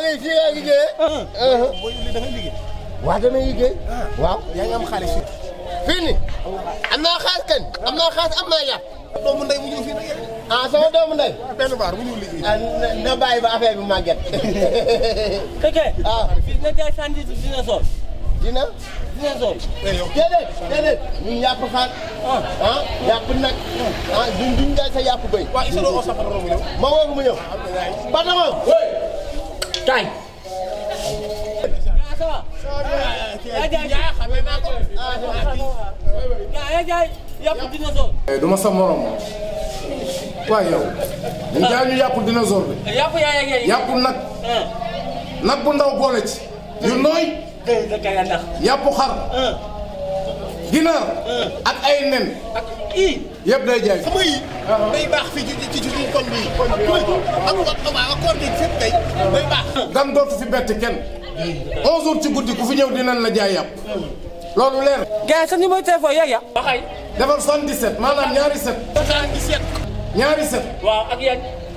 maa ngi fii yaa ngi liggéey. Ah. Ah. booy yulli da ngay liggéey. waaw damay liggéey. Ah. waaw yaa ngi am xaalis fii. fii nii am naa xaalis kañ am naa xaalis am naa yàpp. doomu ndey mu ñëw fii nag ah sama doomu ndey. benn baar mu ñëw liggéey. na bàyyi ba affaire bi màgget. keke. ah fii nga jaay sànni dina sol. dina. dina sol. déedéet déedéet ñun yàpp xaar. ah yàpp nag. ah duñ duñ jaay sa yàpp béy. waaw isa doo oo sax ma woo ko mu ñëw. ba dama. kaay. du ma sa morom waaye yow. dañu jaay ñu yàpp dinosaure bi. yàpp nag. nag bu ndaw boole ci. nooy. yàpp xar. Eh. ginaar. ak ay nen. yëpp day jaay. xam nga yii. Ah. baax fii ci ci ci koñ bii. koñ bi gan dootu fi bett kenn. 11 ci guddi ku fi ñëw dinañ la jaay yàpp. loolu leer. gars yi sa numéro téléphone yeeg ya. ñaari set. ñaari set. waaw ak yan.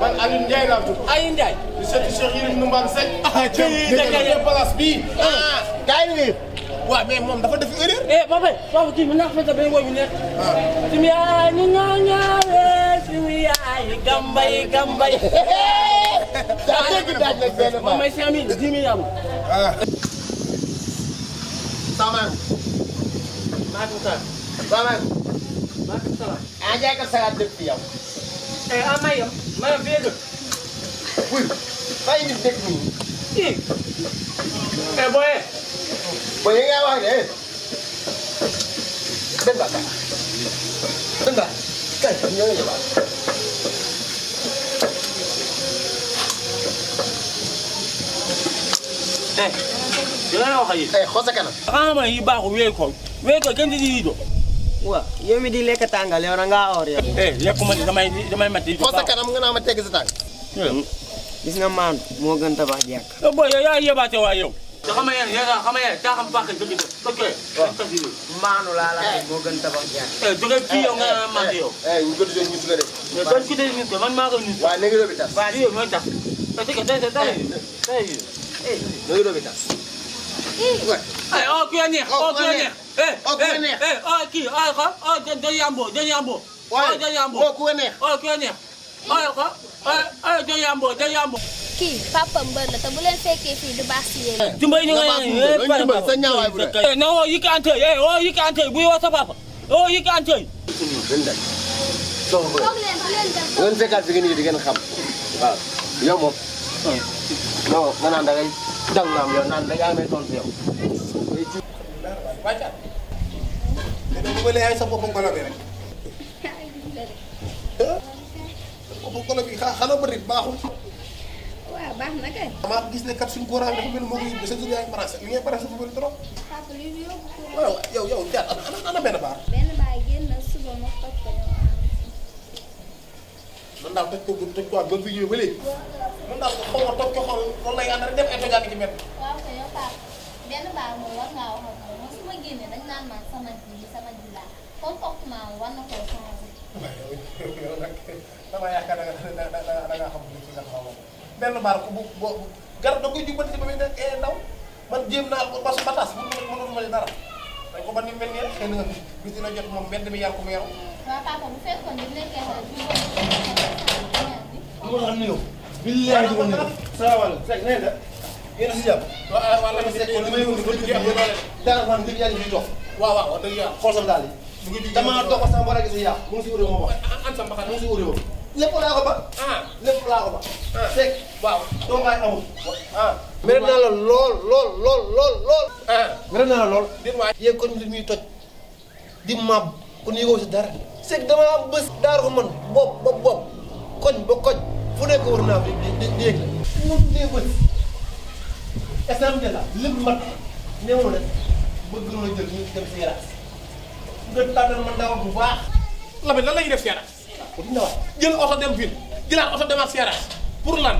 man Aliou Ndiaye laa tudd. Aliou Ndiaye. di seeti Cheikh Yérim Ndoumban Seck. ah ca ca place bii. Ah. ah gars yi waaw mais moom dafa def erreur. eh Bambey foofu kii bi ndax fekk na benn woowu nekk. waaw. Ah. suñu yaay ñu ñoo ñaawee suñu yaay gambay gambay. daa dégg daaj nag benn baa may cinq mille dix mille amul. ah. Samaan. maaleykum salaam. Samaan. maaleykum salaam. ah Ndiaye kat salaat dëkk yow. 哎，阿妹，妹，别个，喂，来你这跟，哎，哎，boy，boy，你干嘛去？真白，真白，该怎样就怎，样。哎，你那又去？哎，好几个人。阿妹，你把我围了困，围了困，跟弟弟走。waaw yow mi di lekk tàngal yow na ngaa or yow. eh lekkuma damay damay mat yi. sa kanam nga naa ma tegg sa tànk. Hmm. gis nga maandu moo gën tabax jàkk. yow eh, booy yow yaa yebaate waa yow. te xam nga yéen yéen a xam nga yéen caaxaan pàcc dëgg la dëgg la. waaw maanu laa la wax moo gën tabax jàkk. jóge eh, fii yow nga eh, maandu yow. ñu gën a ñu sukkandee. mais ban ku dee nit ko man maa ko nit. waaw léegi doo bi tas. waaw lii mooy tas. parce que tey tey tey. léegi doo bi tas. aywa oh, ku ya neex. aywa oh, ku ya neex. Eh, oo oh, ku eh, neex eh, oo oh, kii oo oh, ko oo jë yamboo jë yamboo. oo jë yamboo oo ku neex oo ku neex oo ko oo jë yamboo jë yamboo. kii papa mbër la te bu leen fekkee fii du baax si yéen. dimbali ñu ngi lay dimbali sa ñaawaay bu dee. na woo yikaantey eh woo yikaantey buy woo sa papa woo yikaantey. soxna ngeen fekkaat fi ngeen di ngeen xam waaw yow moom. non nga naan da ngay dang naam yow naan da ngay amee tontu yow. dara waaye bàccaat léegi bu ma yaay sa boppam golo bi rek. boppam golo bi xa xala bëri baaxul. waaw baax na kay. damaa gis ne kat suñu courant dafa mel ni moo ngi sa jur yaay marase li ngay marase bu bëri trop. papa ko man daal toj ko bu toj ko ak ba fi ñëwee ba daal xaw ma toj ko xool loolu lay ànd def ay tojaat ci mbedd. waaw kay yow papa benn moom sama Juli sama Jula kontok kemauan no sama ya kada kada kada habbu ci kan mawon ben bar ko bu gar da ko jubal ci bamin nak man batas mu mënul ma dara dañ ko ban ni mel ni xëy na bi dina jot mom mbedd mi yar ko mu yaru wa papa bu sawal fek ne da yéen ci japp waaw waaw wax dëgg yàlla a si urée ma wax. an ah, ah, sama xar mu si urée ma. lépp laa ko ba. Ah. lépp laa ko ba. fekk waaw doo bàyyi amul. ah mere naa la lool lool lool lool lool. mere naa la lool. di maam ku yëgoo si dara. c'est damaa am daar ko man bopp bopp koñ ba koñ fu nekk war naa fi di di yëg la. moom dee bët. exemple la lépp mat néew la. bëgg na jël ñu dem si Seras nga tànnal ma ndaw bu baax. Lamine lan la ñuy def Seras. waaw dina waay jël oto dem ville jëlaat oto demaat Seras pour lan.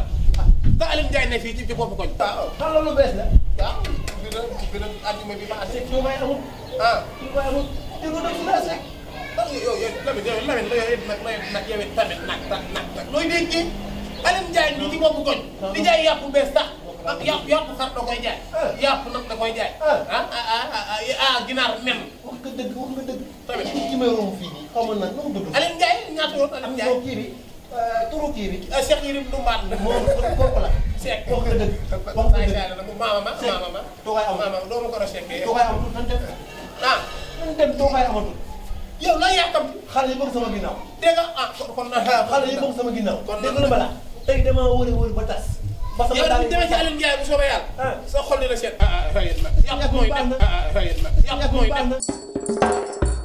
te Alioune Ndiaye ne fii ci ci bopp koñ. waaw xam loolu bees la. waaw bi doon bi doon àjjuma bi ma asek. ñu may amul. ah ñu may amul te lu doon la asek. parce que yow yow Lamine yow Lamine la yow la yow it tamit nag nag nag looy denc Alioune Ndiaye ñu ci bopp koñ. di jaay yàpp bees sax. ah yàpp yàpp xar da koy jaay. Eh. yàpp nag da koy jaay. Eh. Ah, ah, ah, ah ah ah ginaar nen. wax nga dëgg wax nga dëgg. tamit kii ki mu tudd. Alioune Ndiaye bi euh, turu kii bi. Cheikh Yérim Ndoumbaat la. moom kooku la. Cheikh wax nga dëgg. wax nga dëgg maama ma maama ma. toogaay amatul maama ma doo ma ko recherché. toogaay amatul nan dem. ah nan dem xale yi bëgg sama sama ginnaaw. kon dégg nga lu damaa wër wër ba ba sama daal yow demee ci Alioune Ndiaye bu soobee yàlla. Ah. sa xol dina seet. ah ah rayet na. yàqu mooy dem ah ah rayet na. yàqu mooy dem.